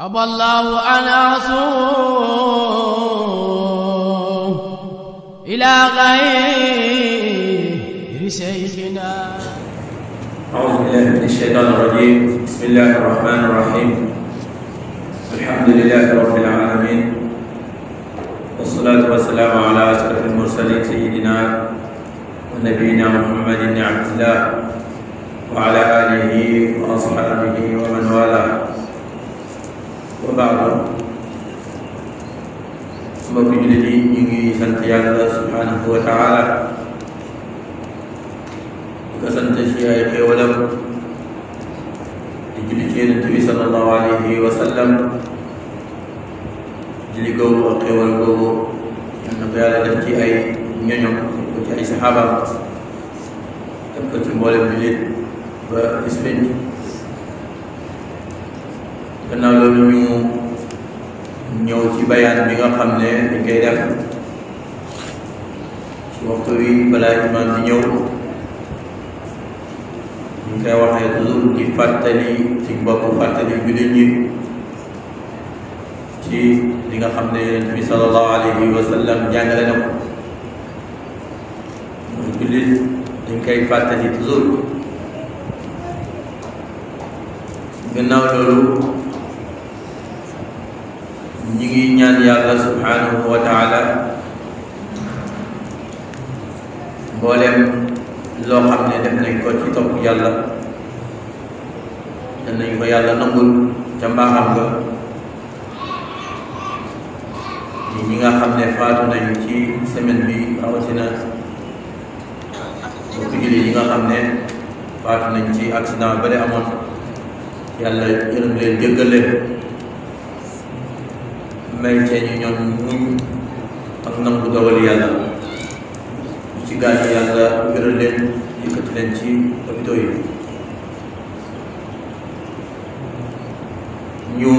أبى الله أن أصوم إلى غير سيدنا أعوذ بالله من الشيطان الرجيم بسم الله الرحمن الرحيم الحمد لله رب العالمين والصلاة والسلام على أشرف المرسلين سيدنا ونبينا محمد بن عبد الله وعلى آله وأصحابه ومن والاه وبعد mbokk jullit yi ñu ngi sant yàlla subhanahu wa taala di ko sant ci ay xéewalam di julli ci yonent bi salallahu alayhi wa sallam julli googu ak xéewal googu yal na ko yàlla def ci ay ñoñom def ko ci ay saxaabaam def ko ci mboolem jullit ba bis penc gannaaw loolu ñu ñëw ci bayaan bi nga xam ne dañ koy def ci waxtu wi balaa imaam bi ñëw ñu koy waxee toujours ci fàttali ci bopp fàttali jullit ñi ci li nga xam ne yonent bi sallallahu alayhi wa sallam jàngale na ko mooy jullit dañ koy fàttali toujours gannaaw loolu ñi ngi ñaan yàlla subhaanahu wa taala loo xam ne def nañ ko ci topp yàlla danañ ko yàlla nangul ca mbaaxam nga ñi ñi nga xam ne faatu nañ ci semaine bi rawatina bokk jullit yi nga xam ne faatu nañ ci accident ba de amoon yàlla yërëm leen jëggal may cee ñu ñoom muñ ak nangu dogal yàlla ñu ci gaañu yàlla wéral leen yëkkati leen ci hôpitaux ñu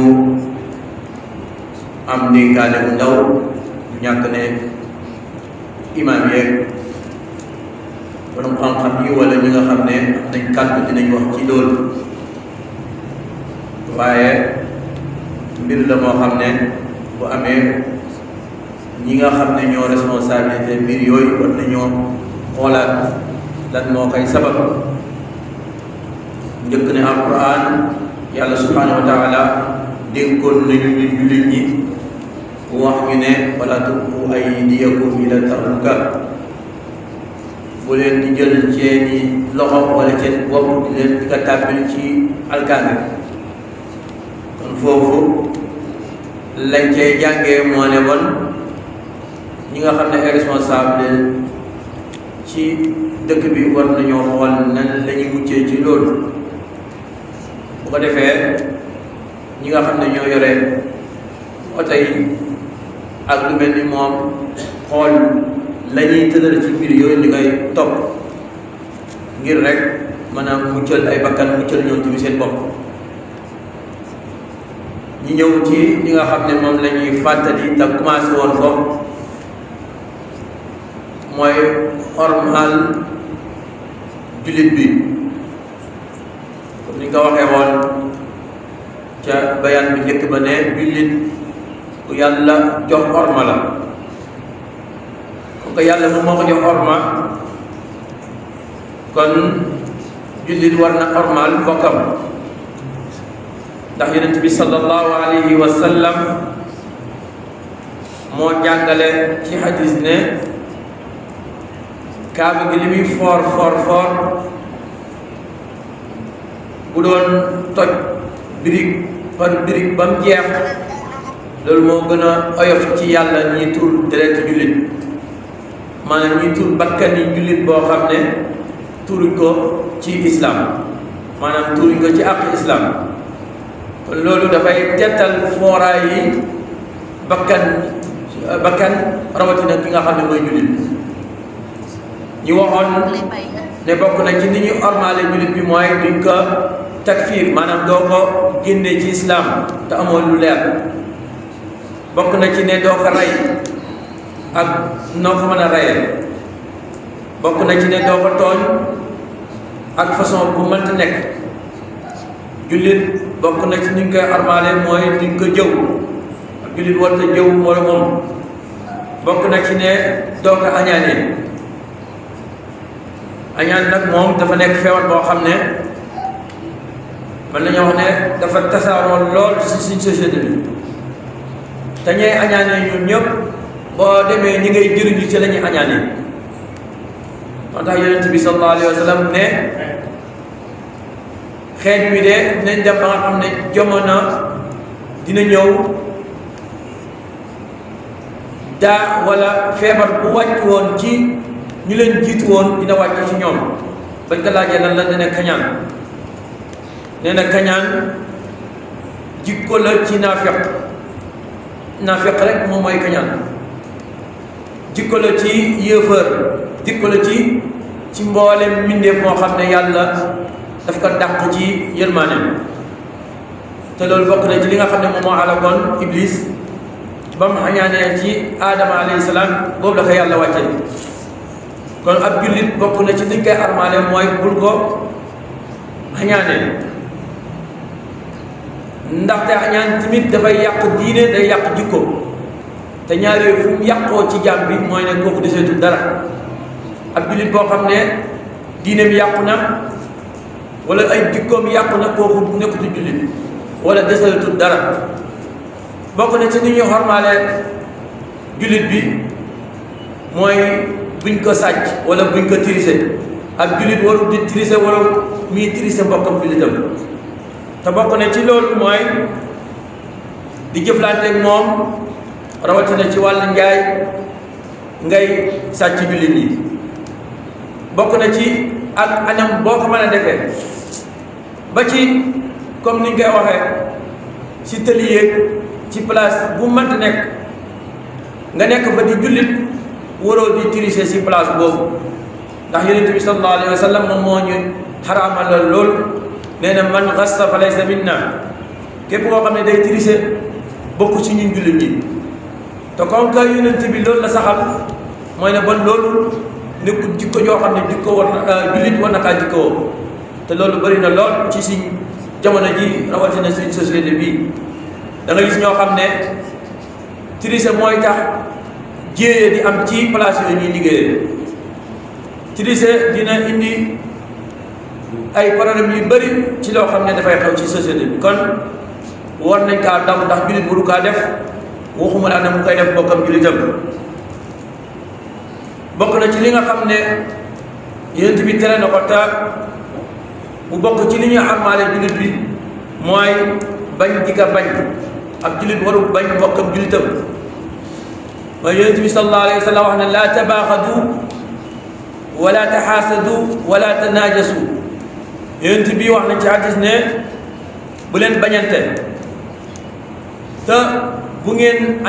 am ndénkaane bu ndaw ñàkk ne imaam yeeg borom xam-xam yi nga xam ne dañ kàddu dinañ wax ci loolu waaye mbir moo xam ne bu amee ñi nga xam ne ñoo responsabilité mbir yooyu war nañoo xoolaat lan moo koy sabab njëkk ne alquran yàlla subhanahu wa taala dénkoon nañu ñu jullit ñi wax ñu ne wala tuqu aydiyakum ila tahluka bu leen di jël seen loxo wala di di ci kon lañ cay jàngee moo ne bon ñi nga xam ne ay responsable ci dëkk bi war nañoo xool nan la ci loolu bu ko defee ñi nga xam ne ñoo yore oto ak lu mel moom xool la ñuy tëral ci mbir yooyu li ngay topp ngir rek maanaam muccal ay bakkan muccal ñoom tamit seen bopp ñu ñëw ci li nga xam ne moom la ñuy fàttali te commencé woon foofu mooy ormal jullit bi comme ni nga waxee ca bayaan bi njëkk ba ne jullit ku yàlla jox orma la ko yàlla moom moo ko jox orma kon jullit war na ormal bokkam ndax yonent bi sallallahu alayhi wa sallam moo jàngale ci hadis ne kaaba gi li muy foor foor foor bu doon toj birig par birig ba mu jeex loolu moo gën a oyof ci yàlla ñiy tuur deret jullit maanaam ñiy tuur bakkani jullit boo xam ne tuuruñ ko ci islaam maanaam tuuruñ ko ci àq islaam loolu dafay tettal fooraa yi bakkan bakkan rawatina ki nga xam ne mooy jullit ñu ne bokk na ci ni ñu ormaale bi mooy duñ ko takfir maanaam doo ko génne ci islam te amoon lu leer bokk na ci ne doo ko rey ak noo ko mën a reyee bokk na ci ne ko ak façon bu mënta bokk na ci ni nga koy armaale mooy ni ko jëw ak jullit jëw wala moom bokk na ci ne doo ko añaanee añaan nag moom dafa nekk feewal boo xam ne mën nañoo wax ne dafa tasaaroo lool si suñ société bi te ñuy añaanee ñun ñëpp boo demee ñi ngay jëriñu ci la añaanee moo tax yonent bi sallallahu alayhi wa ne xeet wi de dinañ dem ba nga xam ne jamono dina ñëw daa wala feebar bu wàcc woon ci ñu leen jiitu woon dina wàcc ci ñoom bañ ko laajee lan la dana kañaan nee na kañaan jikko la ci naafeq naafeq rek moom mooy kañaan jikko la ci yéefër jikko la ci ci mboolem mbindeef moo xam ne yàlla daf ko dàq ci yërmaaneem te loolu bokk na ci li nga xam ne moom moo alagoon iblis ba mu añaanee ci aadama alayhi salaam boobu la yàlla wàcce kon ab jullit bokk na ci liñ koy mooy bul ko añaanee ndaxte añaan tamit dafay yàq diine day yàq jikko te ñaar fu yàqoo ci jaam bi mooy ne kooku deseetul dara ab jullit boo xam ne diine bi yàqu na wala ay jikkoom yàpp na kooku nekkutu jullit wala desalatul dara bokk na ci ni ñuy xormaale jullit bi mooy buñ ko sàcc wala buñ ko tirise ak jullit waru di tirise wala muy tirise mbokkam jullitam te bokk na ci loolu mooy di jëf jëflanteeg moom rawatina ci wàllu njaay ngay sàcc jullit yi bokk na ci ak anam boo ko mën a defee ba ci comme ni nga koy waxee ci tëli yeeg ci place bu mat nekk nga nekk fa di jullit waroo di tricher ci place boobu ndax yonent bi sallallahu alayhi wa sallam moom moo ñu xaraamal la lool nee na man xassa fa laysa minna képp koo xam ne day tricher bokk ci ñun jullit ñi te comme que yonent bi loolu la saxal mooy ne ban loolu nekkul jikko joo xam ne jikko war na euh, jullit war na kaa jikkowoo te loolu bëri na lool ci si jamono ji rawatina suñ société bi da nga gis ñoo xam ne triche mooy tax jéeye di am ci place yooyu ñuy liggéeyee triche dina indi ay problème yu bëri ci loo xam ne dafay xew ci société bi kon war nañ kaa daw ndax julit buru kaa def waxuma laa ne mu koy def bokkam julitam bokk na ci li nga xam ne bi tere na ko bu bokk ci li ñuy armaale jullit bi mooy bañ di ka bañ ab jullit warul bañ bokkam jullitam mooy yonent bi sallallahu alayhi wa sallam wax ne laa tabaaxadu wala taxaasadu wala tanaajasu yonent bi wax nañ ci hadis ne bu leen bañante te bu ngeen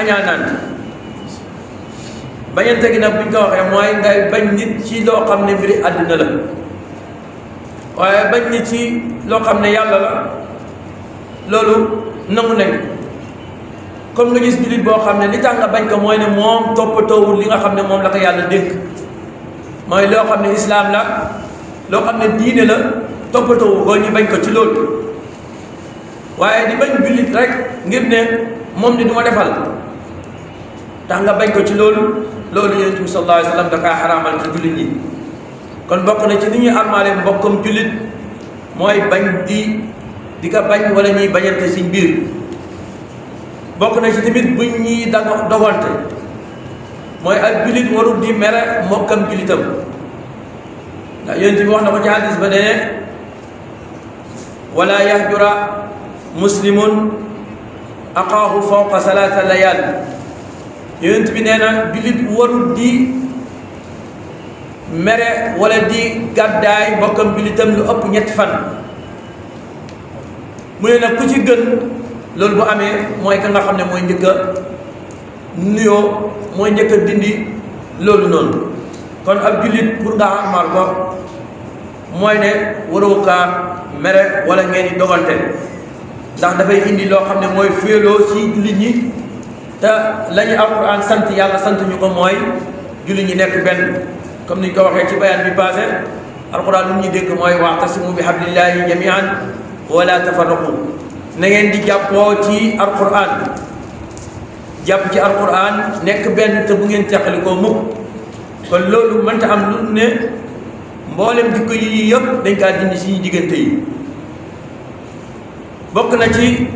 bañante gi nag bu ko waxee mooy ngay bañ nit ci loo xam ne mbiri àdduna la waaye bañ ni ci loo xam ne yàlla la loolu nangu nañ comme nga gis jullit boo xam ne li tax nga bañ ko mooy ne moom toppatoowul li nga xam ne moom la ko yàlla dénk mooy loo xam ne islaam la loo xam ne diine la toppatoowu ko ñu bañ ko ci loolu waaye di bañ jullit rek ngir ne moom ni du defal tax nga bañ ko ci loolu loolu yonent bi sallallahu alayhi wa sallam da kaa xaraamal jullit yi kon bokk na ci ni ñuy armaale mbokkam jullit mooy bañ di di ko bañ wala ñuy bañante ci biir bokk na ci tamit buñ ñuy dago dogante mooy ak jullit warul di mere mbokkam jullitam ndax yonent wax na ko ci hadis ba dee wala yahjura muslimun aqaahu fawqa salaata layaal yonent bi nee na jullit warul di mere wala di gàddaay mbokkam jullitam lu ëpp ñetti fan mu ne nag ku ci gën loolu bu amee mooy ka nga xam ne mooy njëkk a nuyoo mooy njëkk dindi loolu noonu kon ab jullit pour nga xamal ko mooy ne waroo kaa mere wala ngeen di dogante ndax dafay indi loo xam ne mooy féeloo ci jullit ñi te la ñu sant yàlla santuñu ko mooy jullit ñi nekk benn comme niñ ko waxee ci bayaan bi passé alquran lu ñu dégg mooy waxtasimu bi hablillahi jamian di jàppoo ci alquran jàpp ci alquran nekk benn te bu ngeen teqalikoo mukk kon loolu mënta am lu ne mboolem jikko yi yëpp dañ kaa dindi suñu diggante yi bokk na ci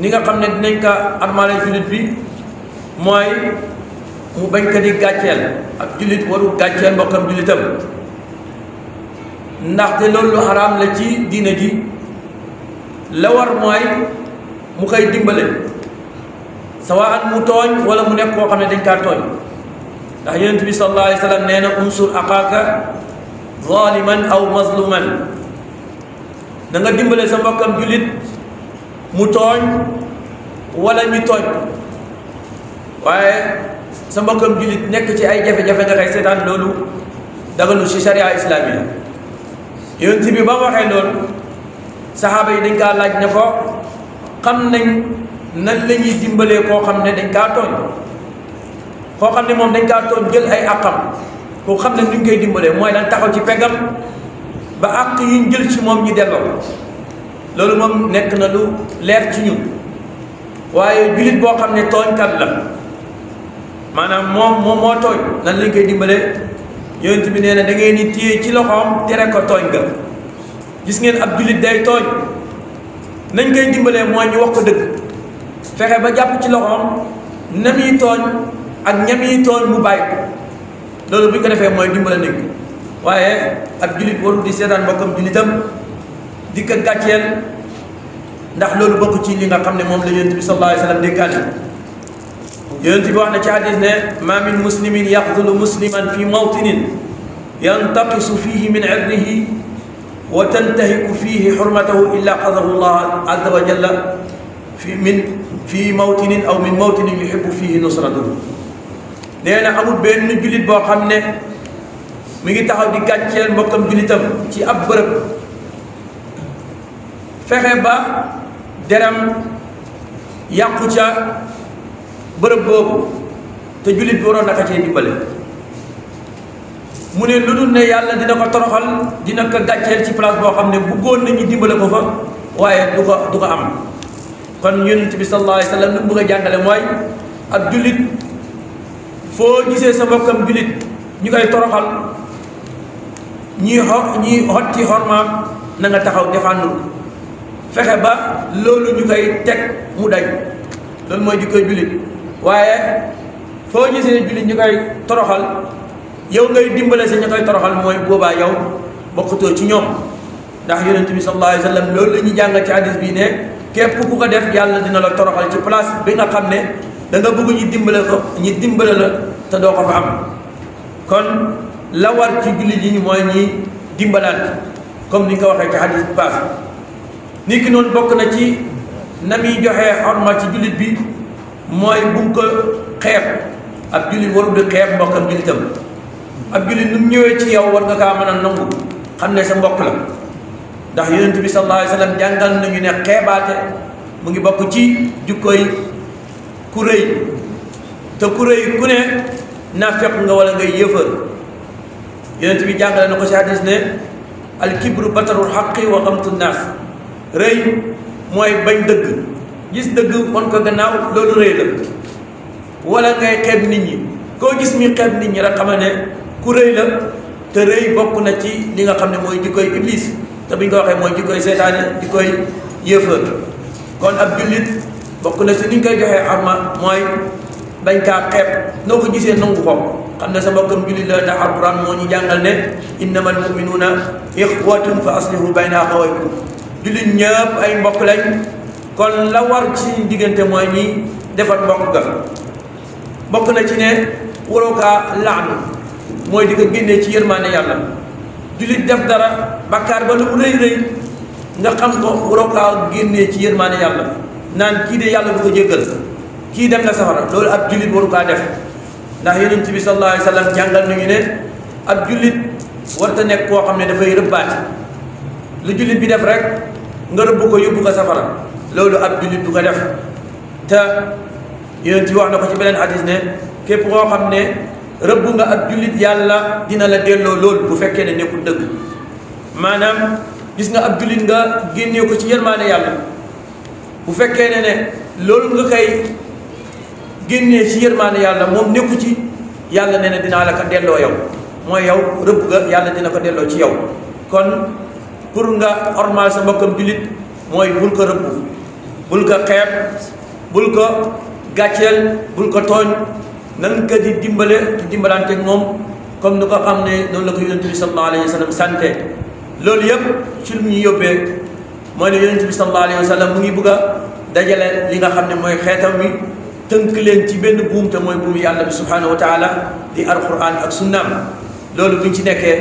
ni nga xam ne dinañ ko armaale jullit bi mooy mu bañ ko di gàcceel ak jullit waru gàcceel mbokkam jullitam ndaxte loolu lu xaraam la ci diine ji la war mooy mu koy dimbale sawaan mu tooñ wala mu nekk koo xam ne dañ kaa tooñ ndax yonent bi sallallahu alayhi wa sallam nee na unsur axaaka zaliman aw mazluman da nga dimbale sa mbokkam julit mu tooñ wala ñu tooñ waaye sama mbokkam jullit nekk ci ay jafe-jafe nga koy seetaan loolu daganu ci sharia islamiya yonent bi ba mu waxee loolu saxaaba yi dañ kaa laaj ne ko xam nañ nan la ñuy dimbalee koo xam ne dañ kaa tooñ koo xam ne moom dañ kaa tooñ jël ay àqam koo xam ne ñu koy dimbalee mooy lan taxaw ci peggam ba àq yi ñu jël ci moom ñu delloo loolu moom nekk na lu leer ci ñun waaye jullit boo xam ne tooñkat la maanaam moom moom moo tooñ nan lañ koy dimbalee yonent bi nee na da ngeen di téye ci loxoom tere ko tooñ ga gis ngeen ab jullit day tooñ nañ koy dimbalee mooy ñu wax ko dëgg fexe ba jàpp ci loxoom nam yi tooñ ak ñam yi tooñ bu bàyyi ko loolu bu ñu ko defee mooy dimbale nañ waaye ab jullit warul di seetaan mbokkam jullitam di ko gàcceel ndax loolu bokk ci li nga xam ne moom la yonent bi sallallahu alayhi wa sallam yonent bi wax na ci hadis ne ma min muslimin yaqtulu musliman fi mawtinin yantaqisu fihi min irdihi wa tantahiku fihi xurmatahu illa qadahu llah azza wa jalla fi min fi mawtinin aw min mawtinin yuhibu fihi nusratahu nee na amul benn jullit boo xam ne mi ngi taxaw di gàcceel mbokkam jullitam ci ab bërëb fexe ba deram yàqu ca bërëb boobu te jullit bi waroon na ko cee dimbale mu ne lu dul ne yàlla dina ko toroxal dina ko gàcceel ci place boo xam ne bëggoon nañu dimbale ko fa waaye du ko du ko am kon yonent bi sallallahu alayhi wa sallam lu mu bëgg jàngale mooy ak jullit foo gisee sa mbokkam jullit ñu koy toroxal ñii xo ñii xotti xormaam na taxaw defandul fexe ba loolu ñu koy teg mu daj loolu mooy jikkoy jullit waaye foo gisee jullit ñu koy toroxal yow ngay dimbale sa ñu koy toroxal mooy boobaa yow bokkutoo ci ñoom ndax yonent bi sallallahu alayhi wa sallam loolu la ñuy jàngal ci hadis bi ne képp ku ko def yàlla dina la toroxal ci place bi nga xam ne da nga bëgg ñu dimbale ko ñu dimbale la te doo ko fa am kon la war ci jullit yi mooy ñi dimbalaat comme ni nga ko waxee ci hadis bi paas nit ki noonu bokk na ci na muy joxe xorma ci jullit bi mooy bu mu ko xeeb ab jullit warul di xeeb mbokkam jullitam ab jullit nu ñëwee ci yow war nga kaa mën a nangu xam ne sa mbokk la ndax yonent bi sallallahu alayhi wa sallam jàngal nañu ne xeebaate mu ngi bokk ci jukkoy ku rëy te ku rëy ku ne naafeq nga wala ngay yëfër yonent bi jàngale na ko si hadis ne al kibru batarul xaqi wa xamtu naas rëy mooy bañ dëgg gis dëgg won ko gannaaw loolu rëy la wala ngay xeeb nit ñi koo gis muy xeeb nit ñi rek xamal ne ku rëy la te rëy bokk na ci li nga xam ne mooy jikkoy iblis te bu ñu ko waxee mooy jikkoy di koy yëfër kon ab jullit bokk na ci ni ñu koy joxee ma mooy bañ kaa xeeb noo ko gisee nangu ko xam ne sa mbokkam jullit la ndax alquran moo ñu jàngal ne na innamal muminuuna ixwatun fa aslihu naa axawaykum jullit ñëpp ay mbokk lañ kon la war ci diggante mooy ñiy defar mbokk ga bokk na ci ne waroo kaa laanu mooy di ko génnee ci yërmaane yàlla jullit def dara bakkaar ba lu mu rëy rëy nga xam ko waroo kaa ci yërmaane yàlla naan kii de yàlla du ko jéggal kii dem na safara loolu ab jullit waru kaa def ndax yonent bi sallallahu alayhi wa sallam jàngal nañu ne ab jullit warta nekk koo xam ne dafay rëbbaati lu jullit bi def rek nga rëbb ko yóbbu ko safara loolu ab jullit du ko def te yonent bi wax na ko ci beneen hadis ne képp koo xam ne rëbb nga ab jullit yàlla dina la delloo loolu bu fekkee ne nekkul dëgg maanaam gis nga ab jullit nga génnee ko ci yërmaane yàlla bu fekkee ne ne loolu nga koy génnee ci yërmaane yàlla moom nekku ci yàlla ne na dinaa la ko delloo yow mooy yow rëbb nga yàlla dina ko delloo ci yow kon pour nga ormal sa mbokkam jullit mooy bul ko rëbb bul ko xeeb bul ko gàcceel bul ko tooñ nan ko di dimbale di dimbalante ak moom comme nu ko xam ne noonu la ko yonent bi sallallahu alayhi sante loolu yëpp ci lu ñu yóbbee mooy ne yonent bi mu ngi bëgg a dajale li nga xam ne mooy xeetam mi tënk leen ci benn buum te mooy buumu yàlla bi subhanahu wa taala di alquran ak sunnaam loolu bu ñu ci nekkee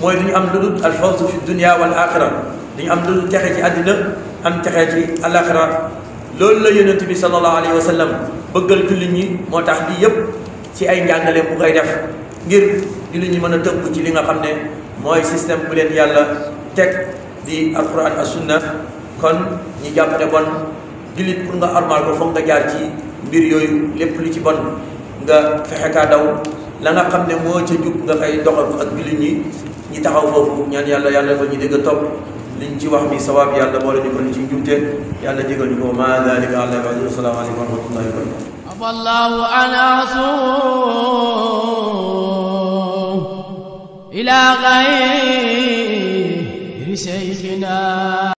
mooy du ñu am lu dul alfawzu fi dunia wal axira du ñu am lu dul texe ci àddina am texe ci alaxira loolu la yonent bi sallallahu alayhi wa sallam bëggal jullit ñi moo tax lii yëpp ci ay njàngale bu koy def ngir jullit ñi mën a tëbb ci li nga xam ne mooy système bu leen yàlla teg di alquran ak kon ñi jàpp ne bon jullit pour nga armal ko foog nga jaar ci mbir yooyu lépp lu ci bon nga fexe kaa daw la nga xam ne moo ca jub nga koy doxal ak jullit ñi ñi taxaw foofu ñaan yàlla yàlla ko ñu dégg topp نجي وحمي سواب يالا بولي نكون نجي جوتي يالا جيغل نكو ما ذلك على بعد السلام عليكم ورحمة الله وبركاته أبا الله أنا أصوم إلى غير سيدنا